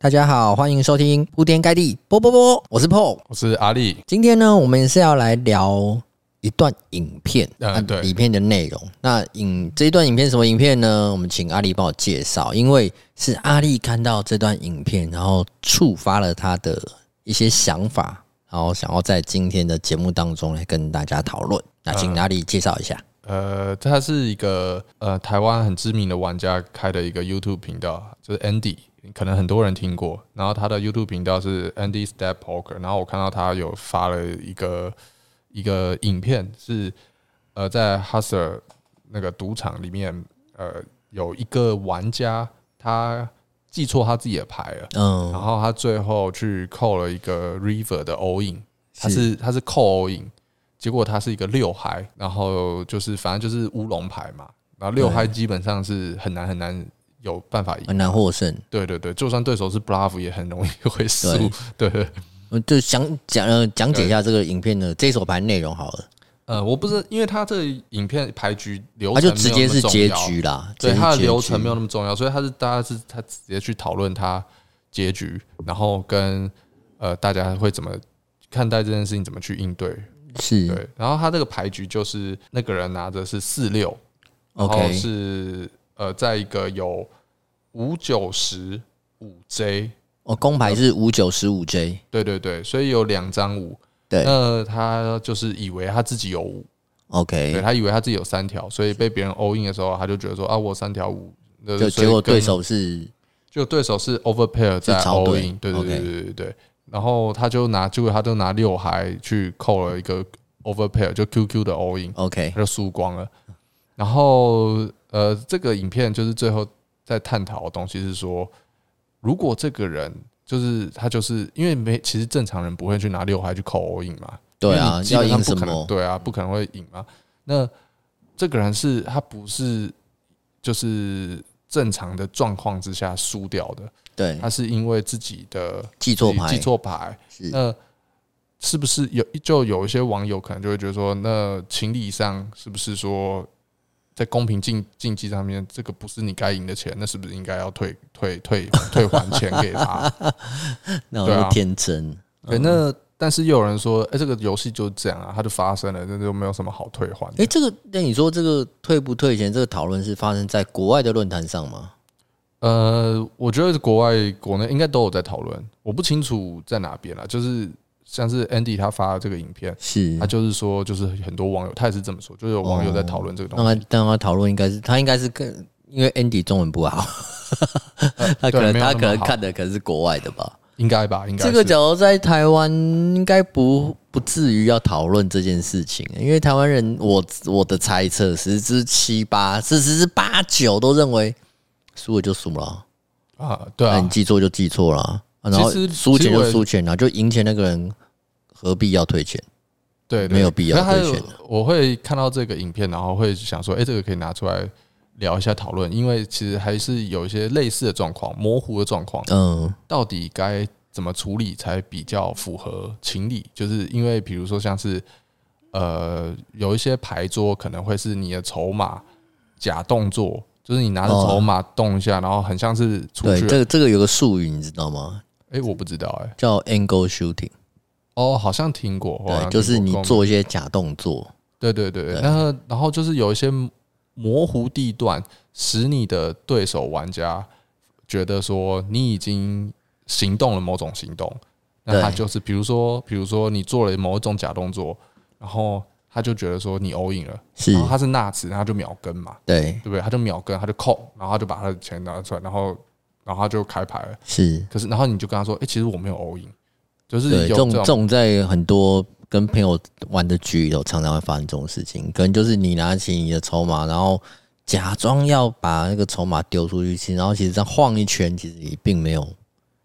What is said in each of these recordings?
大家好，歡迎收聽鋪天蓋地波波波，我是 Paul，我是阿力。今天呢，我們是要來聊一段影片，嗯、對、啊，影片的內容。那影這一段影片什麼影片呢？我們請阿力幫我介紹，因為是阿力看到這段影片，然後觸發了他的一些想法，然後想要在今天的節目當中來跟大家討論。那請阿力介紹一下呃。呃，他是一個呃台灣很知名的玩家開的一個 YouTube 頻道，就是 Andy。嗯可能很多人聽過，然後他的 YouTube 頻道是 Andystackpoker 然後我看到他有發了一個一個影片，是呃在 Hustler 那個賭場裡面，呃有一個玩家他記錯他自己的牌了，嗯、oh.，然後他最後去扣了一個 River 的 all-in 他是，是他是扣 all-in 結果他是一個六嗨。然後就是反正就是烏龍牌嘛，然後六嗨基本上是很難很難。有辦法贏，很難獲勝，對對對，就算對手是 bluff 也很容易會輸。對對,對，我就想講呃講解一下這個影片的這一手牌內容好了。呃，我不是因為他這個影片牌局流程他、啊、就直接是結局啦。局對他的流程沒有那麼重要，所以他是大家是他直接去討論他結局，然後跟呃大家會怎麼看待這件事情，怎麼去應對。是，對。然後他這個牌局就是那個人拿的是四六，OK 是、okay。呃，在一個有五九十五 J，哦，公牌是五九十五 J，對對對，所以有兩張五，對，那他就是以為他自己有五，OK，對他以為他自己有三條，所以被別人 all in 的時候，他就覺得說啊，我三條五，結果對手是，就對手是 over pair 在 all in，對對對對對對，okay，然後他就拿，結果他就拿六孩去扣了一個 over pair，就 QQ 的 all in，OK，okay，他就輸光了，然後。呃，這個影片就是最後在探討的東西是說，如果這個人就是他，就是因為沒，其實正常人不會去拿六嗨去扣歐印嘛。對啊，基本上不可能。對啊，不可能會贏嘛。那這個人是他不是，就是正常的狀況之下輸掉的。對，他是因為自己的自己記錯牌，記錯牌。那是不是有就有一些網友可能就會覺得說，那情理上是不是說？在公平競競技上面，這個不是你該贏的錢，那是不是應該要退退退退還錢給他？ 那我就天真、對啊嗯嗯欸。那但是又有人說，哎、欸，這個遊戲就這樣啊，它就發生了，那就沒有什麼好退還的。哎、欸，這個，那、欸、你說這個退不退錢，這個討論是發生在國外的論壇上嗎？呃，我覺得國外國內應該都有在討論，我不清楚在哪邊啦，就是。像是 Andy 他發的這個影片，是他、啊、就是說，就是很多網友，他也是這麼說，就是有網友在討論這個東西。當、哦、然，當然，討論應該是他應該是更因為 Andy 中文不好， 他可能、呃、他可能看的可能是國外的吧，應該吧，應該。這個假如在台灣，應該不不至於要討論這件事情，因為台灣人，我我的猜測十之七八，十之八九都認為輸了就輸了啊、呃，對啊，啊你記錯就記錯了。其實輸錢就輸錢啦，然後，就贏錢那個人何必要退錢？對，對，對，沒有必要退錢、啊。我會看到這個影片，然後會想說，哎、欸，這個可以拿出來聊一下討論，因為其實還是有一些類似的狀況，模糊的狀況。嗯，到底該怎麼處理才比較符合情理？就是因為比如說像是呃，有一些牌桌可能會是你的籌碼假動作，就是你拿着籌碼動一下、哦，然後很像是出去對。這個這個有個術語，你知道嗎？哎、欸，我不知道哎、欸，叫 angle shooting，哦，oh，好像聽過，聽過，對，就是你做一些假動作，對對對，對對對，那然後就是有一些模糊地段，使你的對手玩家覺得說你已經行動了某種行動，那他就是比如說比如說你做了某一種假動作，然後他就覺得說你 all in 了是，然後他是那次，他就秒跟嘛，對，對不對？他就秒跟，他就 call，然後他就把他的錢拿出來，然後。然後他就開牌了，是。可是，然後你就跟他說：“哎，其實我沒有 all in，就是對，這種這種在很多跟朋友玩的局裡頭常常會發生這種事情。可能就是你拿起你的籌碼，然後假裝要把那個籌碼丟出去，其實然後其實這樣晃一圈，其實你並沒有，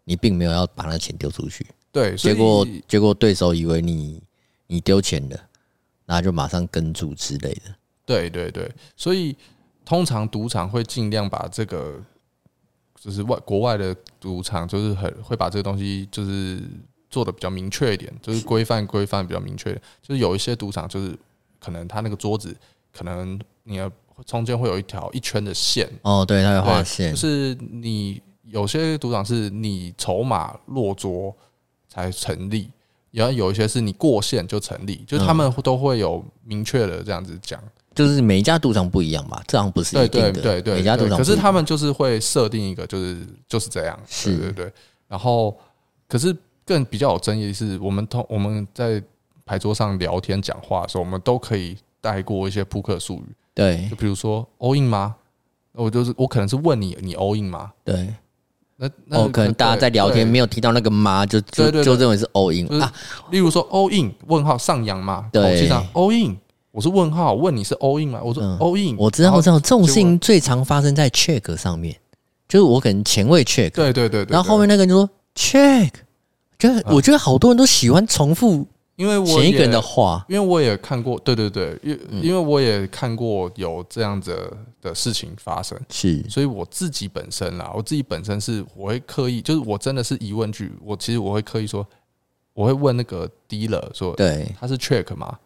你並沒有要把那錢丟出去。對，結果結果對手以為你你丟錢了，然後就馬上跟注之類的。對對對，所以通常賭場會盡量把這個。”就是外國外的賭場，就是很會把這個東西就是做得比較明確一點，就是規範規範比較明確。就是有一些賭場，就是可能他那個桌子，可能你的中間會有一條一圈的線。哦，對，它會畫線。就是你有些賭場是你籌碼落桌才成立，然後有一些是你過線就成立。就是他們都會有明確的這樣子講、嗯。嗯就是每一家賭場不一樣嘛，這樣不是一定的。對對對對，每家賭場，對對對對，可是他們就是會設定一個，就是就是這樣。是，對對。然後，可是更比較有爭議的是，我們通我們在牌桌上聊天講話的時候，我們都可以帶過一些撲克術語。對，就比如說 “all in” 嗎？我就是我可能是問你，你 “all in” 嗎？對。那那、哦、可能大家在聊天沒有提到那個“嗎”，就對對對對，就認為是 “all in”、就是、啊。例如說 “all in” 問號上揚嗎？對，其實 “all in”。我是問號，問你是 all in 嗎？我說 all in、嗯。我知道我知道，這種事情最常發生在 check 上面，就是我可能前位 check，對對對,對，然後後面那個人就說 check，、嗯、就是我覺得好多人都喜歡重複，因為我前一個人的話因，因為我也看過，對對對，因因為我也看過有這樣子的事情發生，是，所以我自己本身啦，我自己本身是我會刻意，就是我真的是疑問句，我其實我會刻意說，我會問那個 dealer 說，對，他是 check 嗎？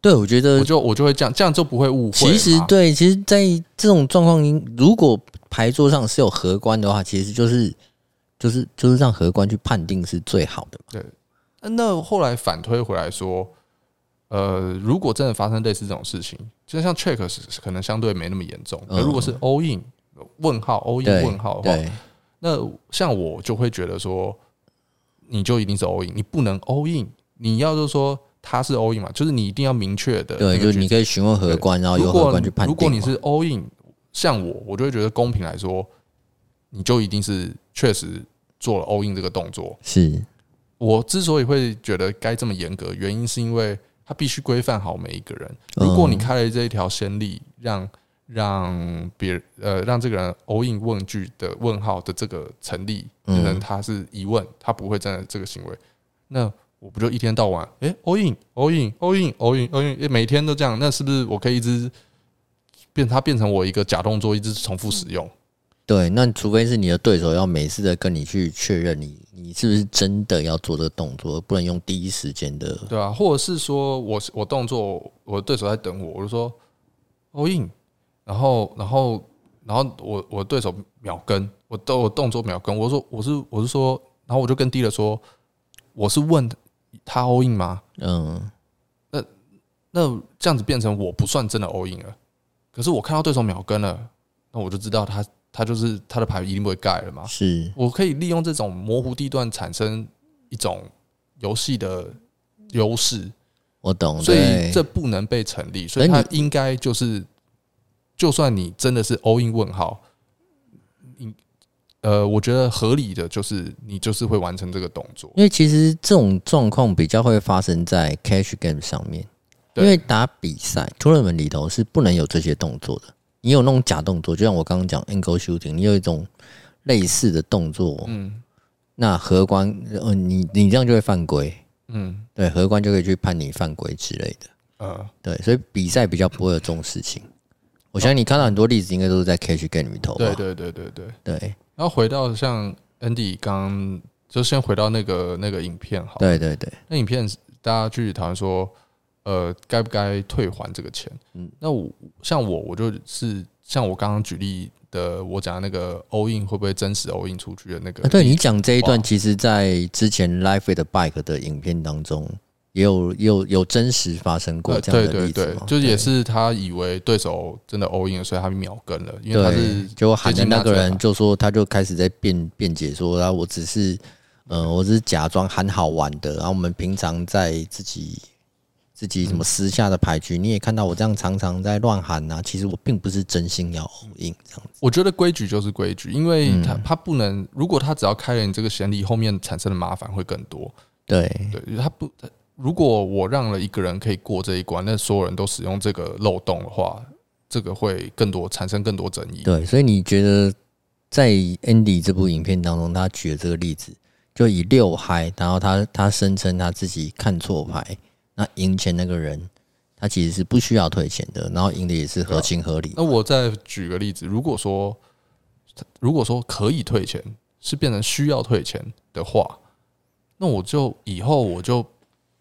對，我覺得我就我就會這樣，這樣就不會誤會。其實對，其實，在這種狀況，如果牌桌上是有荷官的話，其實就是就是就是讓荷官去判定是最好的嘛。對，那後來反推回來說，呃，如果真的發生類似這種事情，就像 check 是可能相對沒那麼嚴重，那、嗯、如果是 all in 問號 all in 問號的話，那像我就會覺得說，你就一定是 all in，你不能 all in，你要就是說。他是 all in 嘛？就是你一定要明確的對。對，就是你可以詢問荷官，然後由荷官去判斷。如果你是 all in，像我，我就會覺得公平來說，你就一定是確實做了 all in 這個動作。是我之所以會覺得該這麼嚴格，原因是因為他必須規範好每一個人。嗯。如果你開了這一條先例，讓讓別人呃讓這個人 all in 問句的問號的這個成立，可能他是疑問，嗯。他不會站在這個行為那。我不就一天到晚誒、欸、all in all in all in all in all in，、欸、每天都這樣，那是不是我可以一直變？它變成我一個假動作，一直重複使用？對，那除非是你的對手要每次的跟你去確認你你是不是真的要做這動作，不能用第一時間的，對啊，或者是說我我動作，我的對手在等我，我就說 all in，然後然後然後我我對手秒跟，我都我動作秒跟，我說我是我是說，然後我就跟 dealer 說，我是問。他 all in 嗎？嗯，那，那那這樣子變成我不算真的 all in 了。可是我看到對手秒跟了，那我就知道他他就是他的牌一定不會蓋了嘛。是，我可以利用這種模糊地段產生一種遊戲的優勢。我懂，對，所以這不能被成立，所以他應該就是，就算你真的是 all in 問號。呃，我覺得合理的就是你就是會完成這個動作，因為其實這種狀況比較會發生在 cash game 上面，對，因為打比賽，tournament 裡頭是不能有這些動作的。你有那種假動作，就像我剛剛講 angle shooting，你有一種類似的動作，嗯，那荷官，嗯、呃，你你這樣就會犯規，嗯，對，荷官就可以去判你犯規之類的，嗯，對，所以比賽比較不會有這種事情，嗯。我想你看到很多例子，應該都是在 cash game 裡頭，對對對對對對。然後回到像 Andy 剛剛，就先回到那個那個影片好。對對對，那影片大家具體討論說，呃，該不該退還這個錢？嗯，那我像我，我就是像我剛剛舉例的，我講那個 all in 會不會真實 all in 出去的那個。啊，對，對你講這一段，其實，在之前 Life with Bike 的影片當中。也有也有有真實發生過這樣的例子，對對對對對，就也是他以為對手真的 all in，所以他秒跟了，因為他是就喊那個人就說，他就開始在辯辯解說啊，我只是嗯、呃，我是假裝很好玩的，然後我們平常在自己自己什麼私下的牌局，你也看到我這樣常常在亂喊啊，其實我並不是真心要 all in 這樣子。我覺得規矩就是規矩，因為他他不能，如果他只要開了你這個先例，後面產生的麻煩會更多、嗯。對對，他不如果我讓了一個人可以過這一關，那所有人都使用這個漏洞的話，這個會更多產生更多爭議。對，所以你覺得在 Andy 這部影片當中，他舉的這個例子，就以六 high，然後他他聲稱他自己看錯牌，嗯、那贏錢那個人他其實是不需要退錢的，然後贏的也是合情合理。那我再舉個例子，如果說如果說可以退錢，是變成需要退錢的話，那我就以後我就。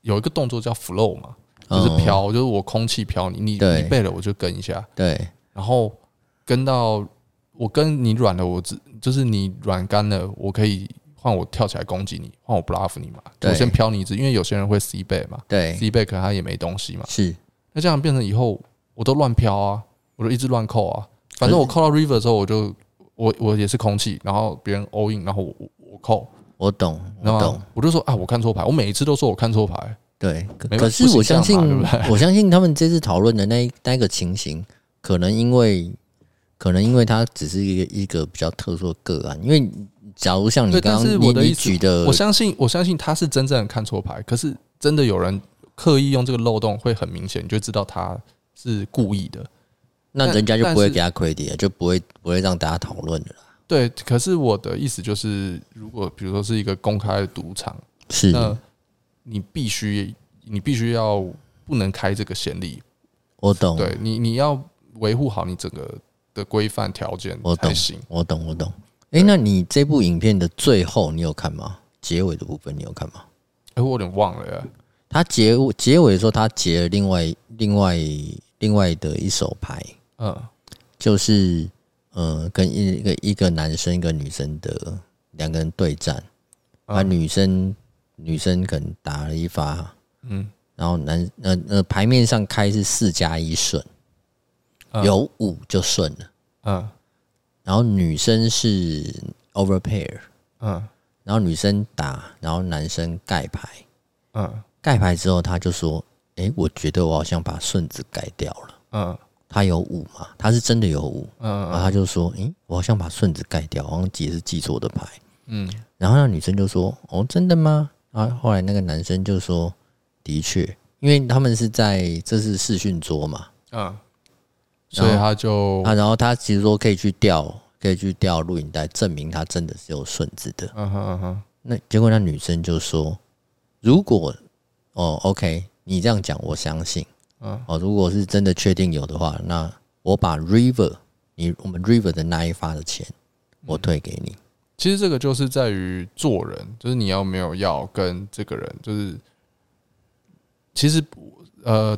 有一個動作叫 flow 嘛，就是飄，就是我空氣飄你，你一背了我就跟一下，對，然後跟到我跟你軟了，我只就是你軟干了，我可以換我跳起來攻擊你，換我 bluff 你嘛，就我先飄你一次，因為有些人會 c 倍嘛，對，c 倍，可能他也沒東西嘛，是，那這樣變成以後我都亂飄啊，我就一直亂扣啊，反正我扣到 river 的時候我，我就我我也是空氣，然後別人 all in，然後我我，我扣。我懂，我懂，我就說啊，我看錯牌，我每一次都說我看錯牌。對，可是我相信對對，我相信他們這次討論的那那個情形， 可能因為，可能因為他只是一個一個比較特殊的個案。因為假如像你剛剛你我你舉的，我相信我相信他是真正的看錯牌，可是真的有人刻意用這個漏洞，會很明顯，你就知道他是故意的。那，那人家就不會給他 credit 了，就不會不會讓大家討論了。對，可是我的意思就是，如果比如說是一個公開的賭場，是你必須你必須要不能開這個先例。我懂，對，你你要維護好你整個的規範條件才行。我懂，我懂，我懂。哎、欸，那你這部影片的最後你有看嗎？結尾的部分你有看嗎？哎、欸，我有點忘了耶。他結結尾的時候，他結了另外另外另外的一手牌，嗯，就是。嗯，跟一個一個男生一個女生的兩個人對戰，嗯、啊，女生女生可能打了一發，嗯，然後男呃呃牌面上開是四加一順，嗯、有五就順了，嗯，然後女生是 over pair，嗯，然後女生打，然後男生蓋牌，嗯，蓋牌之後他就說，哎，我覺得我好像把順子蓋掉了，嗯。他有五嘛？他是真的有五嗯，嗯然後他就說：“誒、欸，我好像把順子蓋掉，我好像也是記錯的牌。”嗯，然後那女生就說：“哦，真的嗎？”然後後來那個男生就說：“的確，因為他們是在這是視訊桌嘛。”嗯，所以他就啊，然後他其實說可以去調，可以去調錄影帶證明他真的是有順子的。嗯哼嗯哼、嗯嗯，那結果那女生就說：“如果哦，OK，你這樣講，我相信。”嗯，哦，如果是真的確定有的話，那我把 river 你我們 river 的那一發的錢，我退給你、嗯。其實這個就是在於做人，就是你有沒有要跟這個人，就是其實呃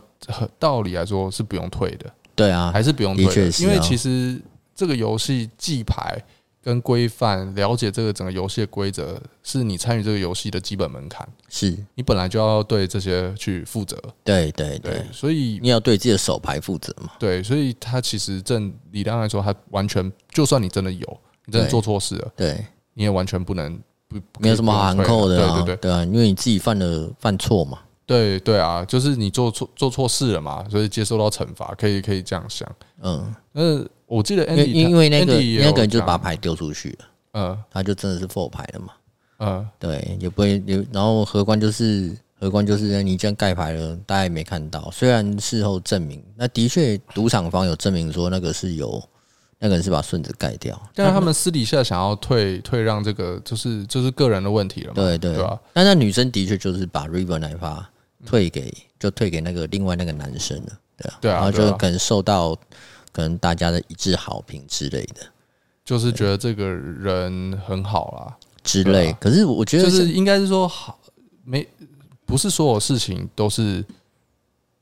道理來說是不用退的。對啊，還是不用退、哦，因為其實這個遊戲記牌。跟規範，了解這個整個遊戲的規則，是你參與這個遊戲的基本門檻。是你本來就要對這些去負責。對對對，所以你要對自己的手牌負責嘛。對，所以他其實正理當來說，他完全，就算你真的有，你真的做錯事了，對，你也完全不能不沒有什麼好含扣的對對對，對，因為你自己犯了犯錯嘛。對對啊，就是你做錯做錯事了嘛，所以接受到懲罰，可以可以這樣想但是。嗯，那我記得 Andy 因為那個那個人就把牌丟出去了，嗯、呃，他就真的是 fold 牌了嘛，嗯，對，也不會有。然後荷官就是荷官就是你這樣蓋牌了，大家也沒看到，雖然事後證明，那的確賭場方有證明說那個是有。那個人是把順子蓋掉，但是他們私底下想要退退讓，這個就是就是個人的問題了嘛，對對對吧？那、啊、那女生的確就是把 River 那一發退給、嗯，就退給那個另外那個男生了，對啊，對啊，然後就可能受到、啊、可能大家的一致好評之類的，就是覺得這個人很好啦、啊、之類、啊。可是我覺得是、就是、應該是說好，沒不是所有事情都是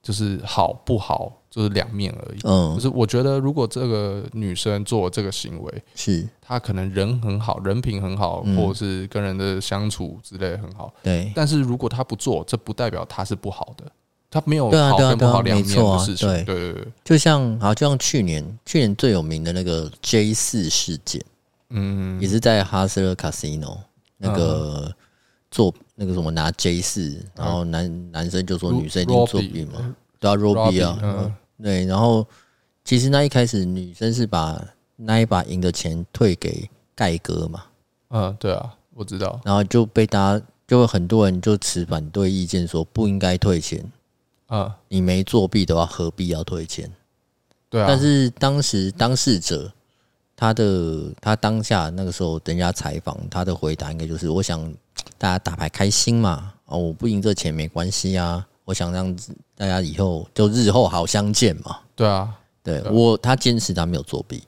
就是好不好，就是兩面而已，就、嗯、是我覺得如果這個女生做這個行為，是她可能人很好，人品很好，嗯、或者是跟人的相處之類很好。對，但是如果她不做，這不代表她是不好的，她沒有好跟不好兩面的事情對、啊對啊對啊啊對。對對對，就像好，就像去年去年最有名的那個 J 四事件，嗯，也是在哈斯勒卡斯諾那個做那個什麼拿 J 四，嗯，然後男男生就說女生一定作弊嘛，Robbie, 對啊，Robbie 啊。Robbie, 嗯嗯對，然後其實那一開始女生是把那一把贏的錢退給蓋哥嘛。嗯，對啊，我知道。然後就被大家，就會很多人就持反對意見，說不應該退錢。啊，你沒作弊的話，何必要退錢？對啊。但是當時當事者，他的他當下那個時候，人家採訪他的回答應該就是：我想大家打牌開心嘛。啊，我不贏這錢沒關係啊。我想讓。大家以後就日後好相見嘛。對啊，對，對，我他堅持他沒有作弊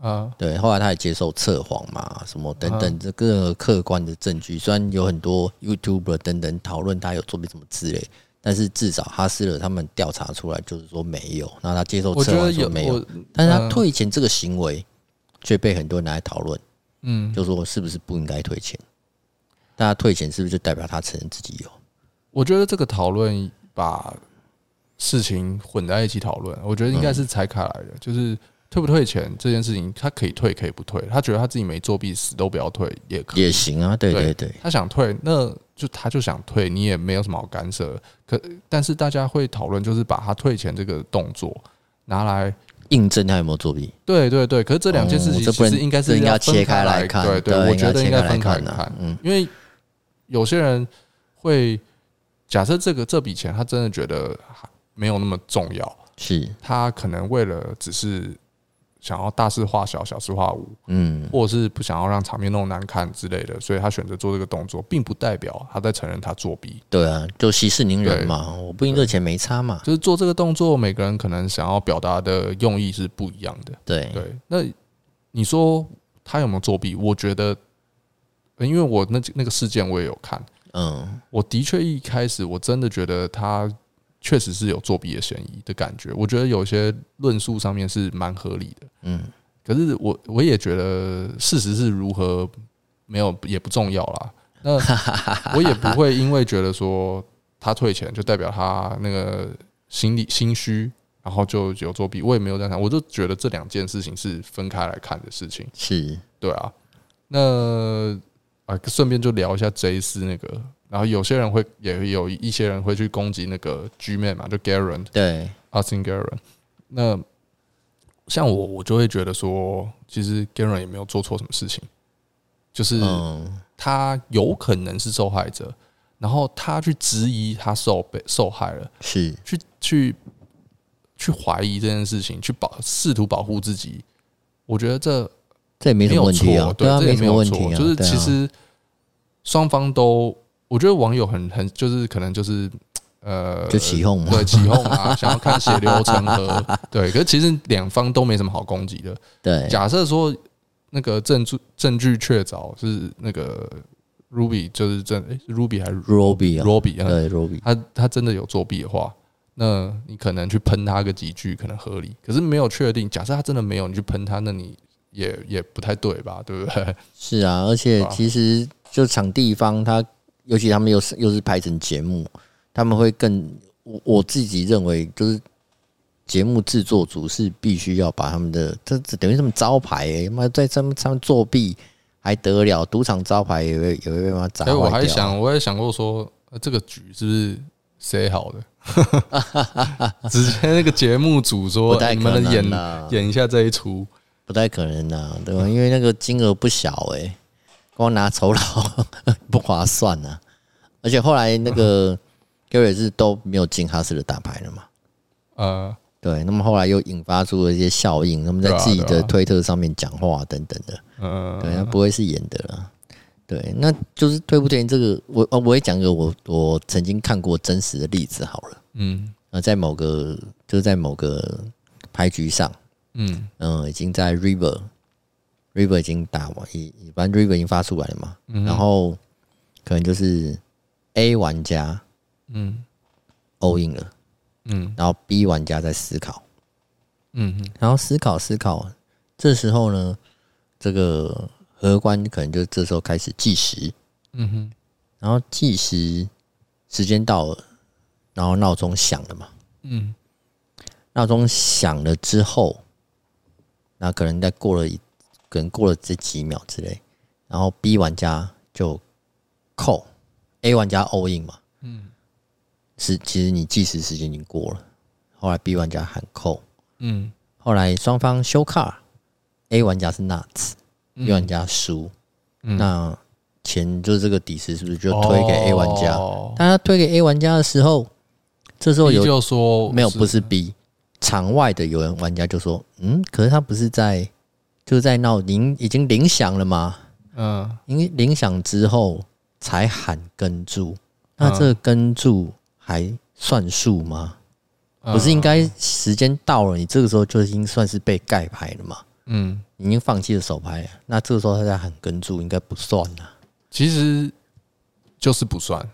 啊，嗯。對，後來他也接受測謊嘛，什麼等等這個客觀的證據。雖然有很多 YouTuber 等等討論他有作弊什麼之類，但是至少哈斯勒他們調查出來就是說沒有。那他接受測謊說沒有，但是他退錢這個行為卻被很多人來討論。嗯，就是說是不是不應該退錢？大家退錢是不是就代表他承認自己有，我有？我覺得這個討論把事情混在一起討論，我覺得應該是拆開來的、嗯。就是退不退錢這件事情，他可以退，可以不退。他覺得他自己沒作弊，死都不要退，也可以。也行啊。對對對，對，他想退，那就他就想退，你也沒有什麼好干涉。可但是大家會討論，就是把他退錢這個動作拿來印證他有沒有作弊。對對對，可是這兩件事情其實應該是、嗯、應該切開來看、啊。嗯、對對，對，我覺得應該分開來看、啊。嗯，因為有些人會假設這個這筆錢，他真的覺得。沒有那麼重要，是他可能為了只是想要大事化小，小事化無，嗯，或者是不想要讓場面那麼難看之類的，所以他選擇做這個動作，並不代表他在承認他作弊。對啊，就息事寧人嘛，我不贏這錢沒差嘛。就是做這個動作，每個人可能想要表達的用意是不一樣的。對對，那你說他有沒有作弊？我覺得，因為我那那個事件我也有看，嗯，我的確一開始我真的覺得他。確實是有作弊的嫌疑的感覺，我覺得有些論述上面是蠻合理的，嗯，可是我我也覺得事實是如何沒有也不重要啦。那我也不會因為覺得說他退錢就代表他那個心理心虛，然後就有作弊，我也沒有這樣想，我就覺得這兩件事情是分開來看的事情，是，對啊那，那啊順便就聊一下 J4 那個。然後有些人會，也有一些人會去攻擊那個局面嘛，就 Garen，對，阿森 Garen。那像我，我就會覺得說，其實 Garen 也沒有做錯什麼事情，就是、嗯、他有可能是受害者，然後他去質疑他受被受害了，是去去去懷疑這件事情，去保試圖保護自己。我覺得這這也沒什麼問題啊，對，對啊，這也沒有錯沒什麼問題啊，就是其實、啊、雙方都。我覺得網友很很就是可能就是呃，就起哄嘛，對起哄啊， 想要看血流成河對。可是其實兩方都沒什麼好攻擊的。對，假設說那個證據證據確鑿是那個 Ruby，就是真、欸、是 Ruby 還是 Robbi Robbi 啊？對 Robbi 他他真的有作弊的話，那你可能去噴他個幾句可能合理。可是沒有確定，假設他真的沒有，你去噴他，那你也也不太對吧？對不對？是啊，而且、啊、其實就場地方他。尤其他們又是又是拍成節目，他們會更我我自己認為，就是節目制作組是必須要把他們的這等於什麼招牌、欸，媽在他們他們作弊還得了？賭場招牌也會也有被媽砸？哎，我還想，我也想過說，這個局是不是誰好的？直接那個節目組說你們演演一下這一出，不太可能吶、啊，啊、對吧？因為那個金額不小哎、欸。光拿酬勞 不划算啊。而且後來那個就位 是都沒有進哈斯的打牌了嘛？呃，對。那麼後來又引發出了一些效應，那麼在自己的推特上面講話等等的，嗯，對，那不會是演的了。對，那就是推不推這個？我哦，我也講個我我曾經看過真實的例子好了。嗯，那在某個就是在某個牌局上，嗯嗯，已經在 river。river 已經打完，已反正 river 已經發出來了嘛，嗯，然後可能就是 A 玩家，嗯，all in 了，嗯，然後 B 玩家在思考，嗯，然後思考思考，這時候呢，這個荷官可能就這時候開始計時，嗯，然後計時時間到了，然後鬧鐘響了嘛，嗯，鬧鐘響了之後，那可能再過了一。可能過了這幾秒之類，然後 B 玩家就扣 A 玩家 all in 嘛，嗯，是其實你計時時間已經過了，後來 B 玩家喊扣，嗯，後來雙方 show card，A 玩家是 nuts，B、嗯、玩家輸、嗯，那錢就是這個底池是不是就推給 A 玩家？當、哦、他推給 A 玩家的時候，這時候有就說沒有不是 B 是場外的有人玩家就說，嗯，可是他不是在。就在鬧鈴已經鈴響了嗎？嗯，因為鈴響之後才喊跟注，uh, 那這個跟注還算數嗎？Uh, 不是應該時間到了，你這個時候就已經算是被蓋牌了嘛？嗯、uh,，已經放棄了手牌了，那這個時候他在喊跟注應該不算了。其實就是不算。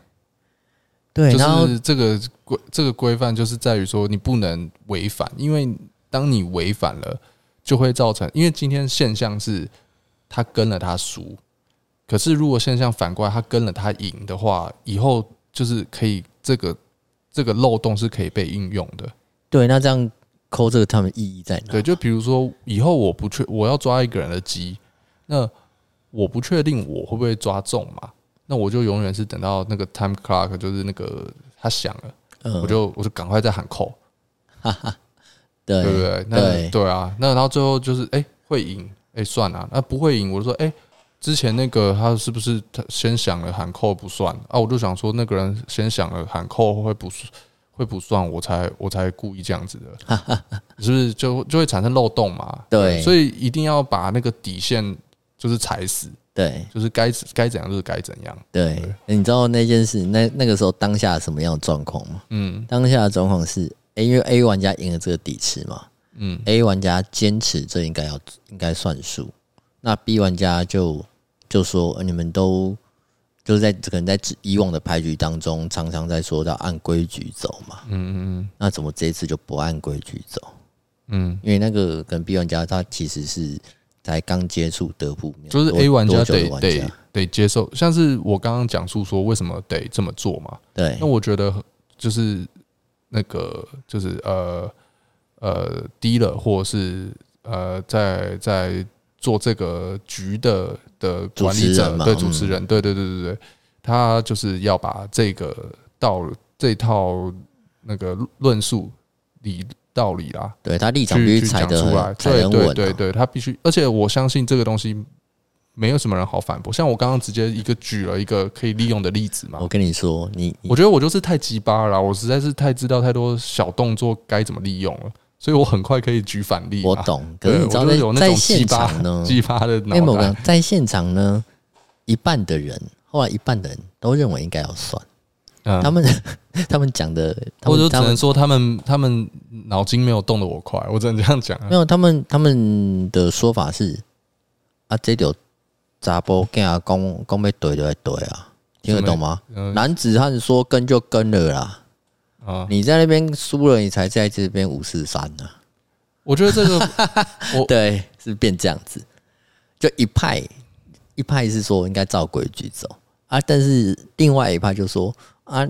對，就是、然後這個規這個規範就是在於說你不能違反，因為當你違反了。就會造成，因為今天現象是他跟了他輸，可是如果現象反過來，他跟了他贏的話，以後就是可以這個這個漏洞是可以被應用的。對，那這樣扣這個，他們意義在哪？對，就比如說以後我不確我要抓一個人的機，那我不確定我會不會抓中嘛？那我就永遠是等到那個 time clock 就是那個他響了、嗯，我就我就趕快再喊扣，哈哈。對，對不對？那對對啊，那然後最後就是哎、欸，會贏，哎、欸，算了、啊，那、啊、不會贏，我就說，哎、欸，之前那個他是不是他先想了喊扣不算啊？我就想說那個人先想了喊扣會不算，會不算，我才我才故意這樣子的， 是不是就就會產生漏洞嘛？對，所以一定要把那個底線就是踩死，對，就是該該怎樣就是該怎樣。對，對欸、你知道那件事，那那個時候當下什麼樣的狀況嗎？嗯，當下的狀況是。因為 A 玩家贏了這個底池嘛，嗯，A 玩家堅持這應該要應該算數。那 B 玩家就就說你們都就是在可能在以往的牌局當中常常在說到按規矩走嘛，嗯嗯，那怎麼這一次就不按規矩走？嗯，因為那個跟 B 玩家他其實是才剛接觸德撲，就是 A 玩家得玩家得得接受，像是我剛剛講述說為什麼得這麼做嘛，對。那我覺得就是。那個就是呃呃低了，dealer，或者是呃在在做這個局的的管理者，主對主持人，對、嗯、對對對對，他就是要把這個道，這套那個論述理道理啦，對，他立場必須講出來，啊、對對對，他必須，而且我相信這個東西。沒有什麼人好反駁，像我剛剛直接一個舉了一個可以利用的例子嘛。我跟你說，你我覺得我就是太雞巴了啦，我實在是太知道太多小動作該怎麼利用了，所以我很快可以舉反例。我懂，可是你知道在有那種巴在現場呢，雞巴的腦袋，欸、在現場呢，一半的人後來一半的人都認為應該要算，嗯、他們他們講的，或者只能說他們他們腦筋沒有動得我快，我只能這樣講、啊。沒有，他們他們的說法是啊，這就。查甫囝講講欲對就對啊！聽得懂嗎？嗯、男子漢說跟就跟了啦、啊。你在那邊輸了，你才在這邊五四三呢、啊。我覺得這個， 我對是變這樣子，就一派一派是說應該照規矩走啊，但是另外一派就說啊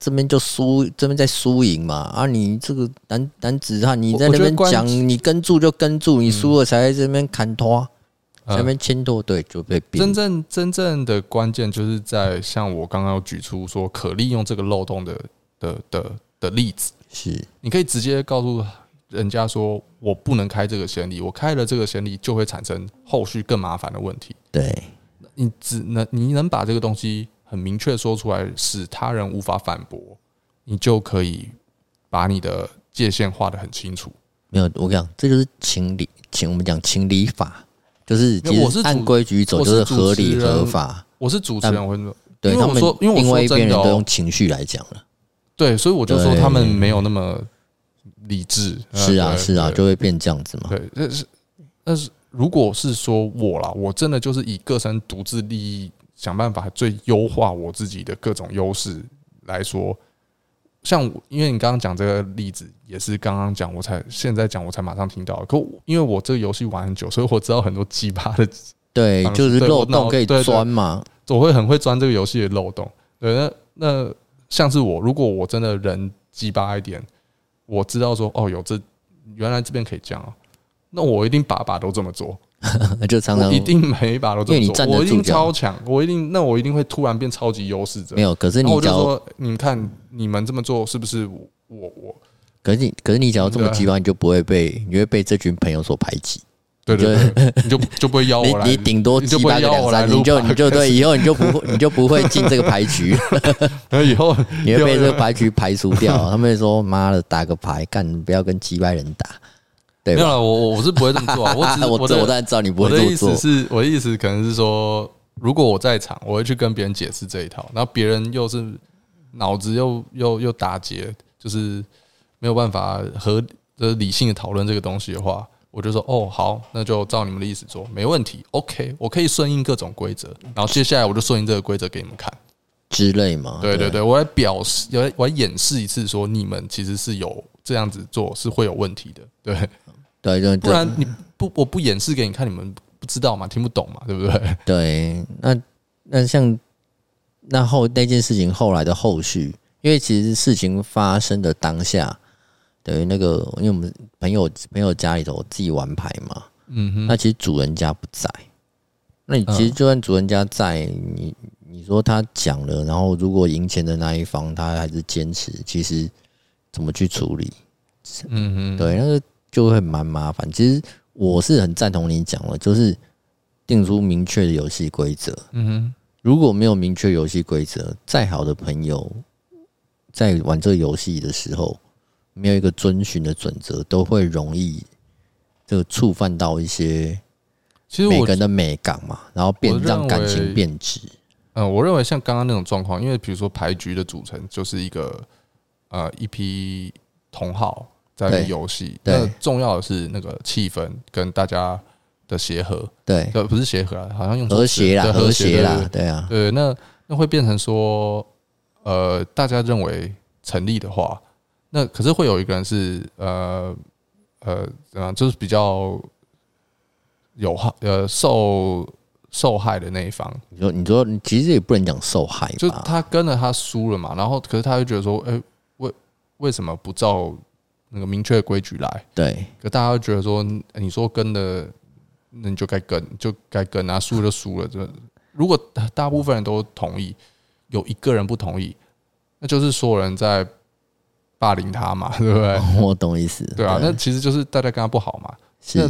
這邊就，這邊就輸，這邊在輸贏嘛。而、啊、你這個男男子漢，你在那邊講你跟注就跟注，你輸了才在這邊砍拖。嗯嗯前面輕度對就被逼，呃、真正真正的關鍵就是在像我剛剛舉出說可利用這個漏洞的的的的例子，是你可以直接告訴人家說，我不能開這個先例，我開了這個先例就會產生後續更麻煩的問題。對，你只能你能把這個東西很明確說出來，使他人無法反駁，你就可以把你的界限畫得很清楚，嗯。沒有，我跟你講，這就是情理，情我們講情理法。就是，我是按規矩走，就是合理合法我。我是主持人，我什對，他們說，因為另外、哦、一邊人都用情緒來講了。對，所以我就說他們沒有那麼理智。是啊，是啊，就會變這樣子嘛。對，但是但是，如果是說我啦，我真的就是以個人獨自利益想辦法最優化我自己的各種優勢來說。像，因為你剛剛講這個例子，也是剛剛講，我才現在講，我才馬上聽到。可我因為我這個遊戲玩很久，所以我知道很多機掰的，對，就是漏洞我可以鑽嘛，總會很會鑽這個遊戲的漏洞。對，那那像是我，如果我真的人機掰一點，我知道說，哦，有這原來這邊可以這樣啊，那我一定把把都這麼做。 就常常一定每一把都這樣，因為你站得住超強，我一定，那我一定會突然變超級優勢者。沒有，可是你，我說，你看你們這麼做是不是我我？可是你，可是你想要這麼極端，你就不會被，你會被這群朋友所排擠。對對，你就你你就不會邀我，你頂多擊敗個兩三，你就你就對，以後你就不會，你就不會進這個牌局。以後你會被這個牌局排除掉，他們會說：“媽的，打個牌幹，不要跟幾百人打。”沒有了，我我我是不會這麼做，啊。我只是我在 我在麼你我的意思是， 我的意思可能是說，如果我在場，我會去跟別人解釋這一套。然後別人又是腦子又又又打結，就是沒有辦法和呃理性的討論這個東西的話，我就說哦好，那就照你們的意思做，沒問題。OK，我可以順應各種規則。然後接下來我就順應這個規則給你們看之類嗎？對對對，對我來表示，我來我來演示一次，說你們其實是有這樣子做是會有問題的。對。對對對，對，不然你不我不演示給你看，你們不知道嘛，聽不懂嘛，對不對？對，那那像那後那件事情後來的後續，因為其實事情發生的當下，等於那個因為我們朋友朋友家裡頭自己玩牌嘛，嗯哼，那其實主人家不在，那你其實就算主人家在，你你說他講了，然後如果贏錢的那一方他還是堅持，其實怎麼去處理？嗯哼，對，那個。就會蠻麻煩。其實我是很贊同你講的就是定出明確的遊戲規則。嗯哼，如果沒有明確遊戲規則，再好的朋友在玩這個遊戲的時候，沒有一個遵循的準則，都會容易就觸犯到一些其實每個人的美感嘛，然後變讓感情變質。嗯，我認為，呃，我認為像剛剛那種狀況，因為比如說牌局的組成就是一個呃一批同好。在遊戲，那重要的是那個氣氛跟大家的協和，對，對，不是協和，啊，好像用和諧啦，和諧啦，對，對，對啊，對，那那會變成說，呃，大家認為成立的話，那可是會有一個人是呃呃，啊、呃，就是比較有害，呃，受受害的那一方。你說，你說，你其實也不能講受害，就是他跟了他輸了嘛，然後可是他就覺得說，哎、欸，為為什麼不照？那個明確的規矩來，對，可大家都覺得說，欸、你說跟的，那你就該跟，就該跟啊，輸就輸了，這個、如果大部分人都同意，有一個人不同意，那就是所有人在霸凌他嘛，對不對？我懂意思， 對啊，對那其實就是大家跟他不好嘛。是，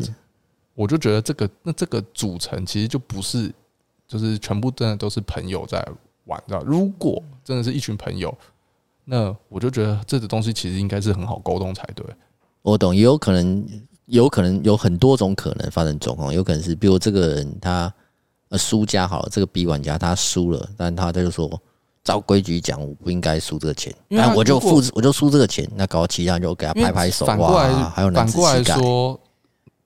我就覺得這個，那這個組成其實就不是，就是全部真的都是朋友在玩的。如果真的是一群朋友。那我就覺得這個東西其實應該是很好溝通才對。我懂，也有可能，有可能有很多種可能發生狀況，有可能是，比如這個人他輸家，好了，這個 B 玩家他輸了，但他他就說，照規矩講，我不應該輸這個錢，那我就付，我就輸這個錢，那搞其他人就給他拍拍手啊，還有反過來說，說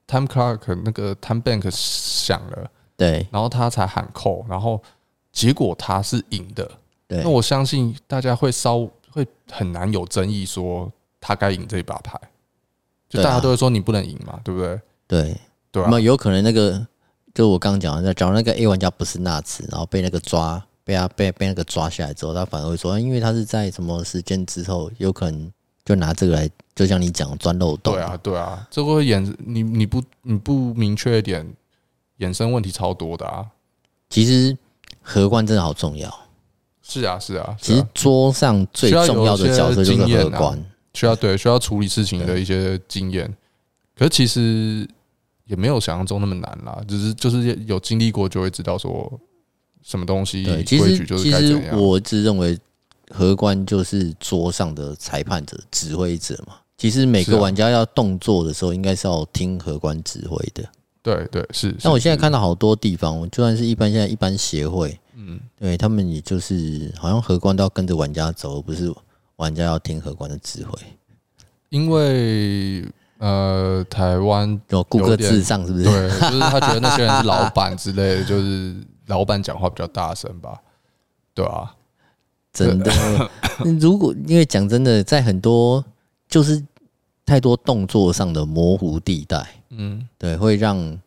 ，time clock 那個 time bank 響了，對，然後他才喊 call，然後結果他是贏的，對，那我相信大家會稍。會很難有爭議，說他該贏這一把牌，就大家都會說你不能贏嘛，對不對？對啊對、啊，那、啊、有可能那個就我剛剛講的，假如那個 A 玩家，不是納茨，然後被那個抓，被他被被那個抓下來之後，他反而會說，因為他是在什麼時間之後，有可能就拿這個來，就像你講鑽漏洞。對啊，對啊，這個衍你你不你不明確一點，衍生問題超多的啊。其實荷官真的好重要。是啊,是啊，是啊，其實桌上最重要的角色就是荷官、啊，需要對需要處理事情的一些經驗。可是其實也沒有想象中那麼難啦，只是、就是就是有經歷過就會知道說什麼東西規矩就是該怎樣。其實其實我只認為荷官就是桌上的裁判者、指揮者嘛。其實每個玩家要動作的時候，應該是要聽荷官指揮的。對對是。但我現在看到好多地方，就算是一般現在一般協會。嗯，對，他們也就是好像荷官都要跟着玩家走，而不是玩家要聽荷官的指揮。因為呃，台灣有顧客至上是不是？對，就是他覺得那些人是老闆之類的， 就是老闆講話比較大聲吧。對啊，真的。 如果因為講真的，在很多就是太多動作上的模糊地帶，嗯，對，會讓。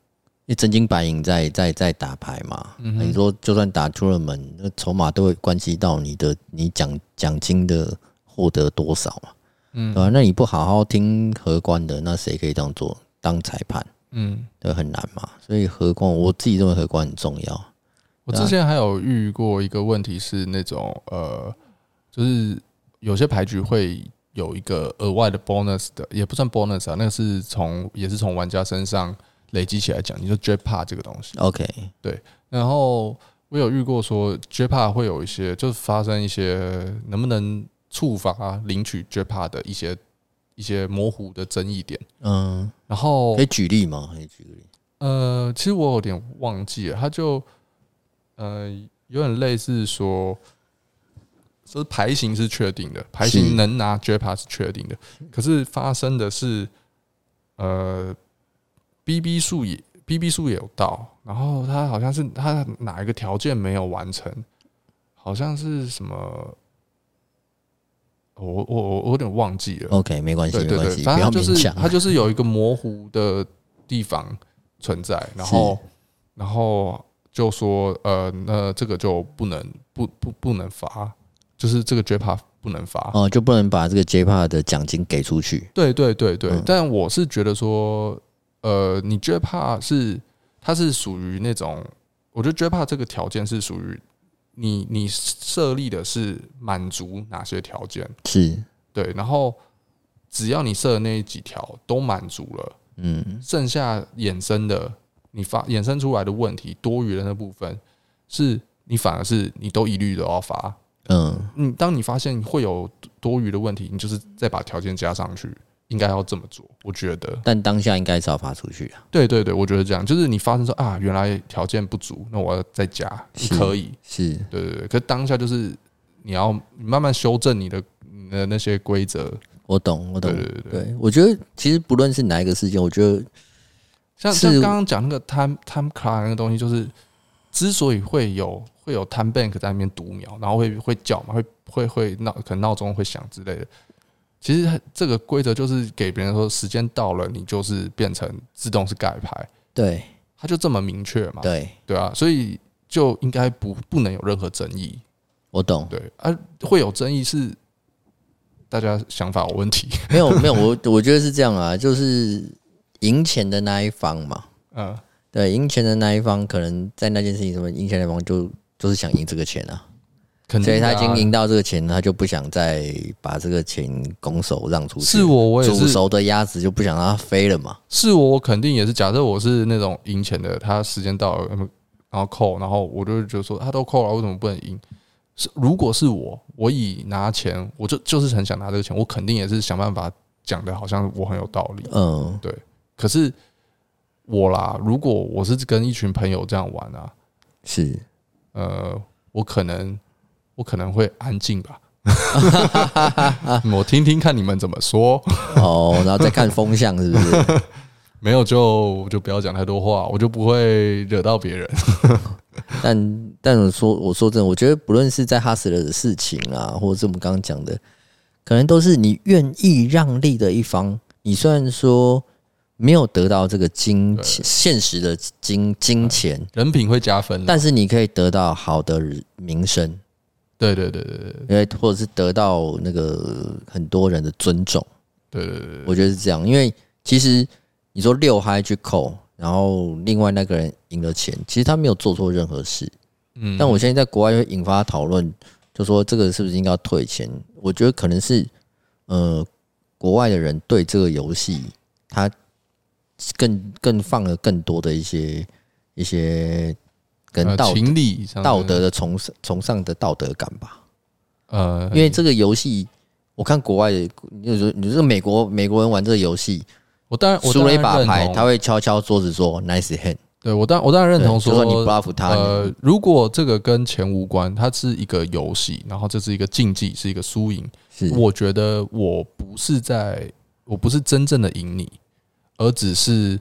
真金白銀在在在打牌嘛？你、嗯、說就算打出了門，那籌碼都會關係到你的你獎獎金的獲得多少嘛？嗯對、啊、那你不好好聽荷官的，那誰可以當做當裁判？嗯，對，很難嘛。所以荷官，我自己認為荷官很重要、啊。我之前還有遇過一個問題是那種呃，就是有些牌局會有一個額外的 bonus 的，也不算 bonus 啊，那個是從也是從玩家身上，累積起來講，你就是、JPA 這個東西，OK，對。然後我有遇過說 JPA 會有一些，就是發生一些能不能觸發領取 JPA 的一些一些模糊的爭議點。嗯，然後可以舉例嗎？可以舉例。呃，其實我有點忘記了，它就呃，有點類似說，說牌型是確定的，牌型能拿 JPA 是確定的，可是發生的是呃。B B 數也 B B 數也有到，然後他好像是他哪一個條件沒有完成，好像是什麼我，我我我有點忘記了對對對對。OK，沒關係，沒關係，不要勉強，反正就是他就是有一個模糊的地方存在，然後 然後就說呃，那這個就不能不不不能發，就是這個 J P A 不能發，哦，就不能把這個 J P A 的獎金給出去。對對對對，嗯、但我是覺得說。呃，你最怕是，它是屬於那種，我覺得最怕這個條件是屬於你，你設立的是滿足哪些條件？是。對。然後只要你設的那幾條都滿足了，嗯，剩下衍生的你發衍生出來的問題，多餘的那部分，是你反而是你都一律都要發嗯，你、嗯、當你發現會有多餘的問題，你就是再把條件加上去。應該要這麼做，我覺得。但當下應該是要發出去啊。對對對，我覺得這樣，就是你發生說啊，原來條件不足，那我要再加是可以。是，對對對。可是當下就是你要慢慢修正你的，你的那些規則。我懂，我懂。對對對，對，對，我覺得其實不論是哪一個事件，我覺得是像像剛剛講那個 time time clock 那個東西，就是之所以會有會有 time bank 在那邊讀秒，然後會會叫嘛，會會會鬧，可能鬧鐘會響之類的。其實這個規則就是給別人說，時間到了，你就是變成自動是蓋牌，對，他就這麼明確嘛，對，對啊，所以就應該不不能有任何爭議，我懂，對，啊，會有爭議是大家想法有問題，沒有沒有，我我覺得是這樣啊，就是贏錢的那一方嘛，嗯，對，贏錢的那一方可能在那件事情什麼贏錢的那一方就就是想贏這個錢啊。啊、所以他已經贏到這個錢，他就不想再把這個錢拱手讓出去。是我，我也是煮熟的鴨子就不想讓它飛了嘛。是我我肯定也是。假設我是那種贏錢的，他時間到了，嗯、然後 call，然後我就覺得說他都 call 了，為什麼不能贏？是如果是我，我以拿錢，我就就是很想拿這個錢，我肯定也是想辦法講的好像我很有道理。嗯，對。可是我啦，如果我是跟一群朋友這樣玩啊，是呃，我可能。我可能會安靜吧 我聽聽看你們怎麼說。哦，然後再看風向是不是？ 沒有就就不要講太多話，我就不會惹到別人但。但但我說我說真的，我覺得不論是在哈斯 r 的事情啊，或者是我們剛剛講的，可能都是你願意讓利的一方。你雖然說沒有得到這個金錢現實的金金錢、啊，人品會加分，但是你可以得到好的名聲。對對對對，因為或者是得到那個很多人的尊重，對，對，對我覺得是這樣。因為其實你說六嗨去扣，然後另外那個人贏了錢，其實他沒有做錯任何事。嗯，但我現在在國外會引發討論，就說這個是不是應該要退錢？我覺得可能是，呃，國外的人對這個遊戲他更更放了更多的一些一些。跟道、道德的崇崇尚的道德感吧，呃，因為這個遊戲，我看國外，你說你說美國美國人玩這個遊戲，我當然輸了一把牌，他會敲敲桌子說 “nice hand” 對。對我當然我當然認同說你 bluff 他。呃，如果這個跟錢無關，它是一個遊戲，然後這是一個競技，是一個輸贏。是，我覺得我不是在我不是真正的贏你，而只是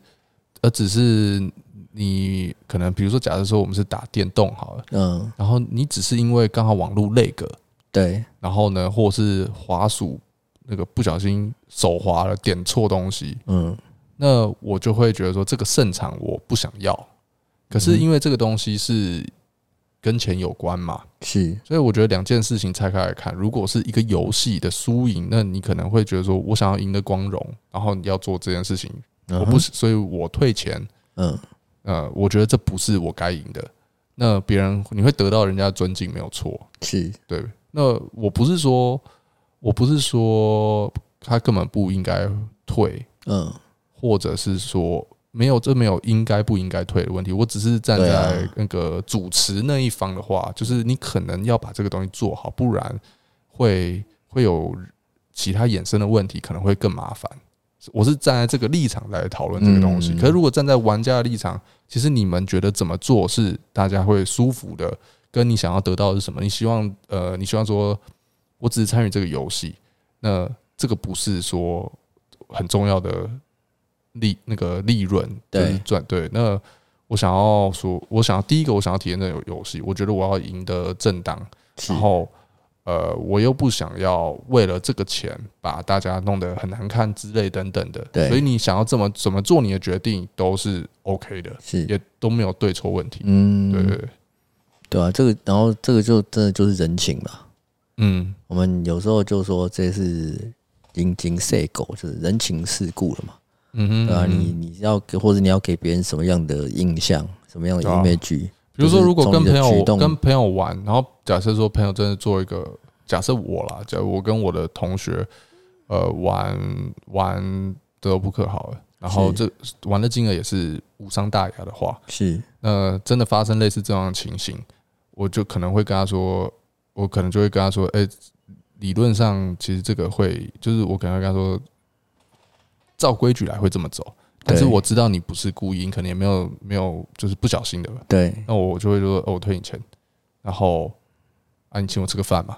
而只是。你可能比如說，假設說我們是打電動好了，嗯，然後你只是因為剛好網絡那個，對，然後呢，或是滑鼠那個不小心手滑了，點錯東西，嗯，那我就會覺得說這個勝場我不想要，可是因為這個東西是跟錢有關嘛，是，所以我覺得兩件事情拆開來看，如果是一個遊戲的輸贏，那你可能會覺得說我想要贏得光榮，然後你要做這件事情，我不是，所以我退錢，嗯。呃，uh，我覺得這不是我該贏的。那別人你會得到人家的尊敬，沒有錯，是對。那我不是說，我不是說他根本不應該退，嗯，或者是說沒有這沒有應該不應該退的問題。我只是站在那個主持那一方的話，就是你可能要把這個東西做好，不然會會有其他衍生的問題，可能會更麻煩。我是站在這個立場來討論這個東西。嗯，嗯、可是如果站在玩家的立場，其實你們覺得怎麼做是大家會舒服的？跟你想要得到的是什麼？你希望呃，你希望說，我只是參與這個遊戲，那這個不是說很重要的利那個利潤對賺對，對？那我想要說，我想要第一個，我想要體驗這個遊戲，我覺得我要贏得正當，然後，呃，我又不想要為了這個錢把大家弄得很難看之類等等的，對，，所以你想要怎麼怎麼做你的決定都是 OK 的，是也都沒有對錯問題。嗯，對對對，對啊，這個然後這個就真的就是人情嘛。嗯，我們有時候就說這是人情世故，就是人情世故了嘛。嗯哼，對啊，你你要給或者你要給別人什麼樣的印象，嗯、什麼樣的 image。就是、說如果跟朋友、就是、跟朋友玩，然後假設說朋友真的做一個假設我啦，假如我跟我的同學，呃，玩玩德撲克好了，然後這玩的金額也是無傷大雅的話，是，呃，真的發生類似這樣的情形，我就可能會跟他說，我可能就會跟他說，哎、欸，理論上其實這個會就是我可能會跟他說，照規矩來會這麼走。但是我知道你不是故意，可能也沒有沒有就是不小心的吧。對，那我就會說哦，我退你錢，然後啊，你請我吃個飯嘛，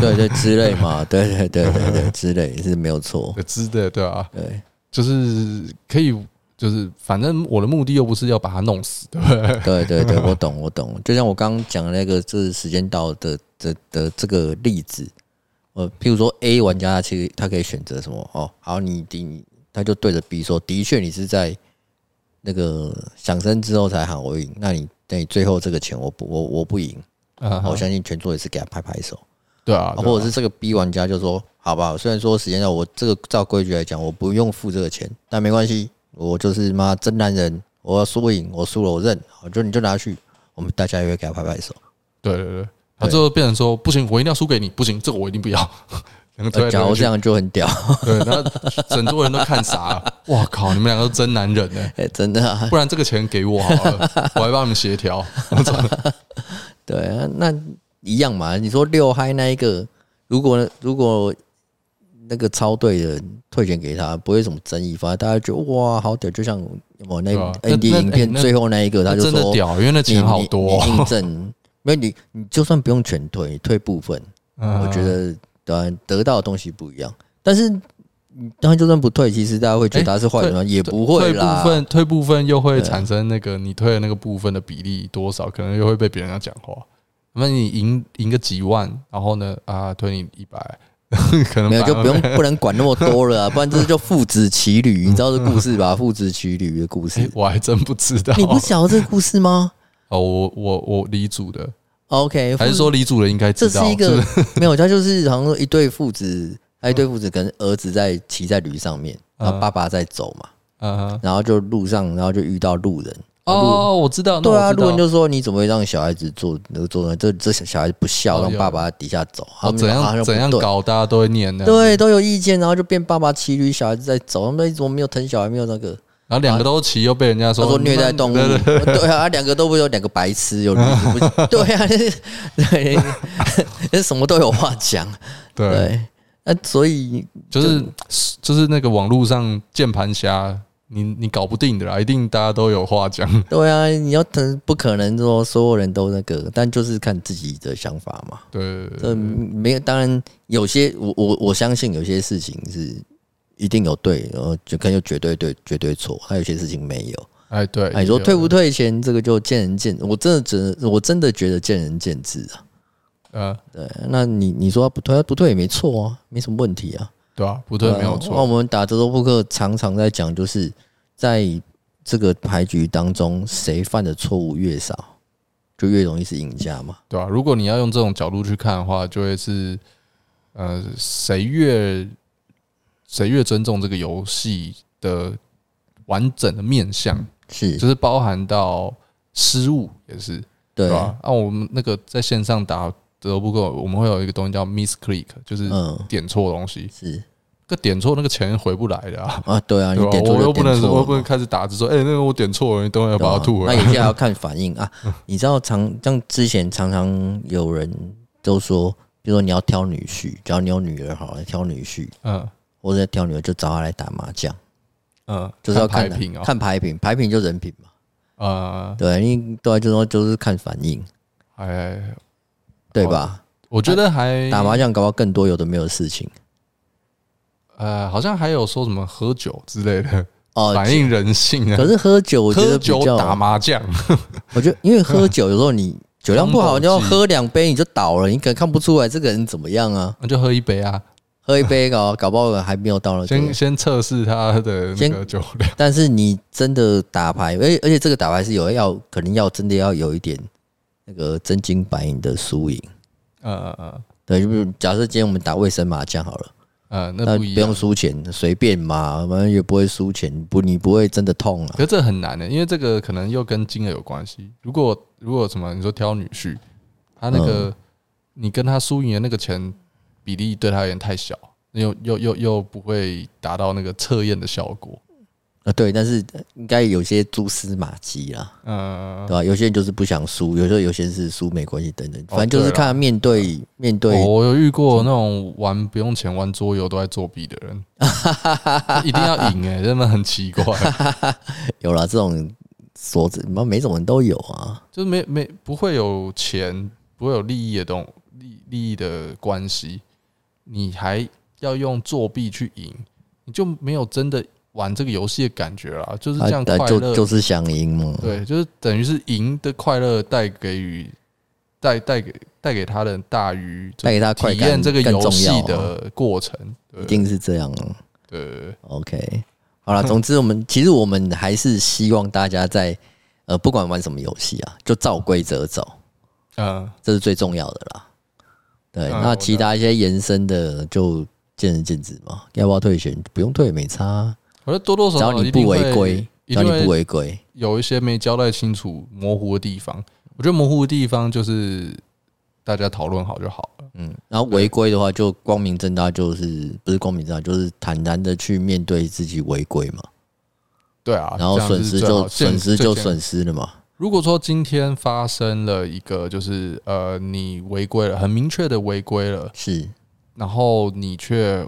對對之類嘛，對對對對對之類 是沒有錯，知的對吧、啊？對，就是可以，就是反正我的目的又不是要把他弄死。對對對，對，我懂我懂。就像我剛剛講的那個就是時間到的的的這個例子，呃，譬如說 A 玩家，他其實他可以選擇什麼哦，好，你一定。他就對着 B 說：“的確，你是在那個響聲之後才喊我贏，那你等你最後這個錢我我，我不我我不贏，我相信全桌也是給他拍拍手。啊”對啊，或者是這個 B 玩家就說：“好吧，雖然說時間上我這個照規矩來講，我不用付這個錢，但沒關係，我就是媽真男人我，我要輸贏，我輸了我認，就你就拿去，我們大家也會給他拍拍手。”對對對，他最後變成說：“不行，我一定要輸給你，不行，這個我一定不要。”假如這樣就很屌，對，那很多人都看傻。哇靠，你們兩個都真男人呢，真的。不然這個錢給我好了，我還幫你們協調。對啊，那一樣嘛。你說六嗨那一個，如果如果那個超對的退錢給他，不會什麼爭議，反正大家就覺得哇好屌，就像我那 ND 影片最後那一個，他就說真的屌，因為那錢好多。你掙，沒有你你就算不用全退，退部分，我覺得。當然得到的東西不一樣，但是當然，就算不退，其實大家會覺得他是壞人嘛，也不會啦。退部分，退部分又會產生那個你退的那個部分的比例多少，可能又會被別人要講話。那你贏贏個幾萬，然後呢啊，退你一百，可能滿滿沒有,沒有就不用不能管那麼多了啦，不然這就是父子騎驢，你知道這故事吧？父子騎驢的故事，我還真不知道。你不曉得這個故事嗎？哦，我我我理組的。OK，還是說李主任應該知道？這是一個是是沒有，他就是好像說一對父子、 哎，一對父子跟兒子在騎在驢上面，然後爸爸在走嘛，uh -huh. 然後就路上，然後就遇到路人。哦、uh -huh.，oh, oh, oh, 我知道，對啊，路人就說，你怎麼會讓小孩子坐那個坐在這這小孩子不笑，oh, 讓爸爸在底下走。我、oh, 哦哦、怎樣他怎樣搞，大家都會念的。對，都有意見，然後就變爸爸騎驢，小孩子在走。那怎麼沒有疼小孩，沒有那個？然後兩個都騎，又被人家說，說虐待動物。嗯，對對對對啊 啊。對啊，兩個都不有兩個白痴，有對啊，對， 什麼都有話講。對，那、啊、所以就是就，就是那個網絡上鍵盤俠，你你搞不定的啦，一定大家都有話講。對啊，你要不可能說所有人都那個，但就是看自己的想法嘛。對，嗯，沒有，當然有些我我我相信有些事情是。一定有對，然後就可能有絕對對、絕對錯，還有些事情沒有。哎，對，哎，你說退不退錢，嗯，這個就見仁見智，我真的覺得，我真的覺得見仁見智啊。呃，對，那你你說他不退，他不退也沒錯啊，沒什麼問題啊。對啊，不退也沒有錯，啊。那我們打德州撲克常常在講，就是在這個牌局當中，誰犯的錯誤越少，就越容易是贏家嘛。對啊，如果你要用這種角度去看的話，就會是呃，誰越。誰越尊重這個遊戲的完整的面相，是就是包含到失誤也是，對啊對，啊我們那個在線上打得都不夠，我們會有一個東西叫 miss click，就是點錯東西、嗯，是。個點錯那個錢回不來的啊、嗯！啊，對啊，你點錯就點錯了。我又不能，我又不能開始打，字說哎，那個我點錯了，你都等等要把它吐。那一就要看反應 啊。你知道常像之前常常有人都說，就說你要挑女婿，只要你有女兒好，挑女婿，嗯。我在挑女兒，就找她來打麻將，嗯，就是要看，看牌品，呃、看牌品，牌、哦、品就人品嘛，啊、呃，對，你對，就是就是看反應，哎，對吧？哦、我覺得還打，打麻將搞到更多有的沒有事情，呃，好像還有說什麼喝酒之類的，哦，反應人性、啊。可是喝酒我覺得比較，喝酒打麻將， 我覺得因為喝酒有時候你酒量不好，嗯、你要喝兩杯你就倒了，你可能看不出來這個人怎麼樣啊？那就喝一杯啊。喝一杯搞不搞不好我還沒有到了，先先測試他的那個酒量。但是你真的打牌，而、欸、而且這個打牌是有要，可能要真的要有一點那個真金白銀的輸贏。啊啊啊！等、嗯、就比如假設今天我們打衛生麻將好了，啊、嗯，那不、不用輸錢，隨便嘛，反正也不會輸錢，不你不會真的痛了、啊。可這很難的、欸，因為這個可能又跟金額有關係。如果如果什麼你說挑女婿，他那個、嗯、你跟他輸贏的那個錢。比例對他而言太小，又又又又不會達到那個測驗的效果啊、呃！對，但是應該有些蛛絲馬跡啦，嗯、呃，對吧、啊？有些人就是不想輸，有時候有些人是輸沒關係，等等、哦，反正就是看面對面對。我有遇過那種玩不用錢玩桌遊都在作弊的人， 一定要贏哎、欸，真的很奇怪。 有啦這種鎖子，什麼每種人都有啊，就是沒沒不會有錢不會有利益的東利利益的關係。你還要用作弊去贏，你就沒有真的玩這個遊戲的感覺了。就是這樣的快樂，就是想贏嘛。對，就是等於是贏的快樂帶給予，帶帶給帶給他的大於帶給他體驗這個遊戲的過程，一定是這樣哦。對，OK，好了，總之我們其實我們還是希望大家在呃，不管玩什麼遊戲啊，就照規則走，嗯，這是最重要的啦。對，那其他一些延伸的就見仁見智嘛，要不要退錢，不用退，也沒差。我覺得多多少少，只要你不違規，只要你不違規，一有一些沒交代清楚、模糊的地方，我覺得模糊的地方就是大家討論好就好了。嗯，然後違規的話，就光明正大，就是不是光明正大，就是坦然的去面對自己違規嘛。對啊，然後損失就損失就損失，失了嘛。如果說今天發生了一個，就是呃，你違規了，很明確的違規了，是，然後你卻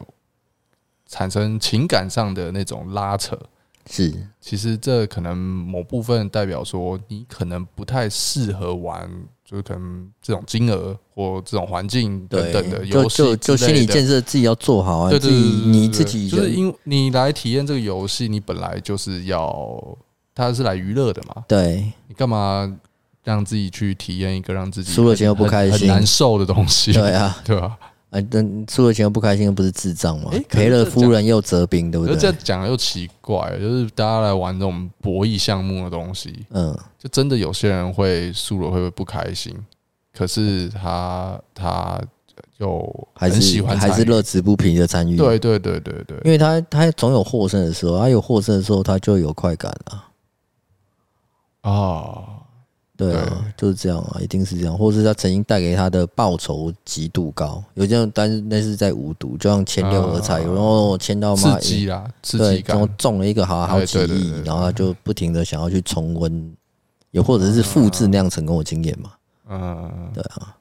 產生情感上的那種拉扯，是，其實這可能某部分代表說你可能不太適合玩，就是可能這種金額或這種環境等等的遊戲，就就就心理建設自己要做好啊，就是你自己，對對對，就是因為你來體驗這個遊戲，你本來就是要。他是來娛樂的嘛？對，你幹嘛讓自己去體驗一個讓自己輸了錢又不開心、很難受的東西？對啊，對啊，哎，那輸了錢又不開心、啊，不，開心不是智障嗎？賠、欸、了夫人又折兵，對不對？這講的又奇怪，就是大家來玩這種博弈項目的東西，嗯，就真的有些人會輸了，會不會不開心？可是他他又還是喜歡，還是樂此不疲的參與？對對對對對，對，因為他他總有獲勝的時候，他有獲勝的時候，他就有快感了。哦、oh,，對、啊，就是這樣啊，一定是這樣，或者是他曾經帶給他的報酬極度高，有這樣，但是那是在無毒，就像簽六合彩，呃、有人我簽到刺激啊，對，然後中了一個好好幾億、哎，然後他就不停的想要去重溫，也或者是複製那樣成功的經驗嘛，嗯，對啊，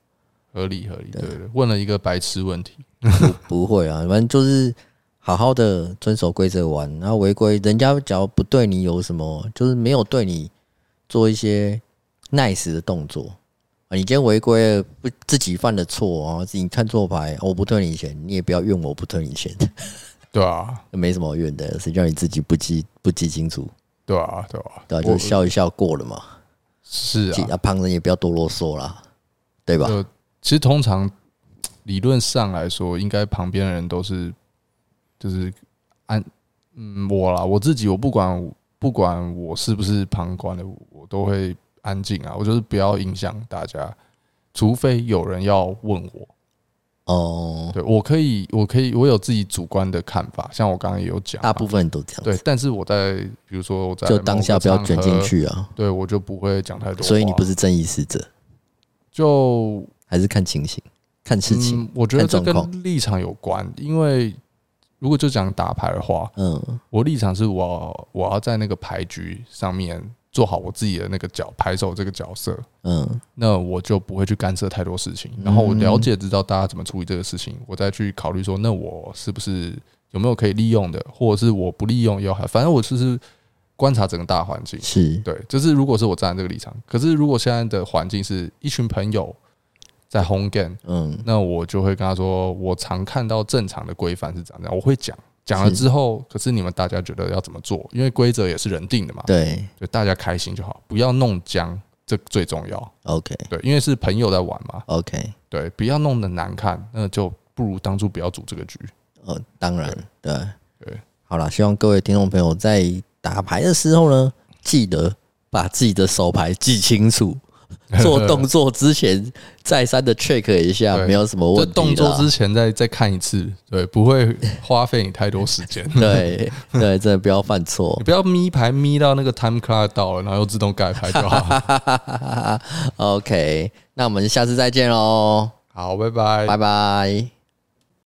合理合理，對，對對對，問了一個白痴問題， 不不會啊，反正就是好好的遵守規則玩，然後違規，人家只要不對你有什麼，就是沒有對你。做一些 nice 的動作啊！你今天違規不自己犯的錯啊，自己看錯牌，我不退你錢，你也不要怨我不退你錢，對啊， 沒什麼怨的，誰叫你自己不記不記清楚？對啊，對啊，對，啊，就笑一笑過了嘛。是啊，旁人也不要多囉嗦啦，對吧？就其實通常理論上來說，應該旁邊的人都是就是按嗯我啦，我自己我不管。不管我是不是旁觀的，我都會安靜啊。我就是不要影響大家，除非有人要問我。哦，對我可以，我可以，我有自己主觀的看法。像我剛剛也有講，大部分都這樣對。但是我在，比如說，我在就當下不要捲進去啊。對，我就不會講太多、啊。所以你不是正義使者，就還是看情形、看事情。嗯、我覺得這跟立場有關，因為。如果就講打牌的話，嗯，我立場是我要我要在那個牌局上面做好我自己的那個角牌手這個角色，嗯，那我就不會去干涉太多事情，然後我了解了知道大家怎麼處理這個事情，我再去考慮說，那我是不是有沒有可以利用的，或者是我不利用也好，反正我就是觀察整個大環境，是對，就是如果是我站在這個立場，可是如果現在的環境是一群朋友，在 home game 嗯，那我就會跟他說，我常看到正常的規範是怎麼樣，我會講講了之後，可是你們大家覺得要怎麼做？因為規則也是人定的嘛，對，就大家開心就好，不要弄僵，這最重要。OK，對，因為是朋友在玩嘛。OK，對，不要弄得難看，那就不如當初不要組這個局。呃、哦，當然，對對,對，好了，希望各位聽眾朋友在打牌的時候呢，記得把自己的手牌記清楚。做動作之前，再三的 check 一下，沒有什麼問題。對，動作之前再再看一次，對，不會花費你太多時間。 對對，真的不要犯錯， 你不要咪牌咪到那個 time clock 到了，然後又自動蓋牌就好了。 OK，那我們下次再見嘍。好，拜拜，拜拜。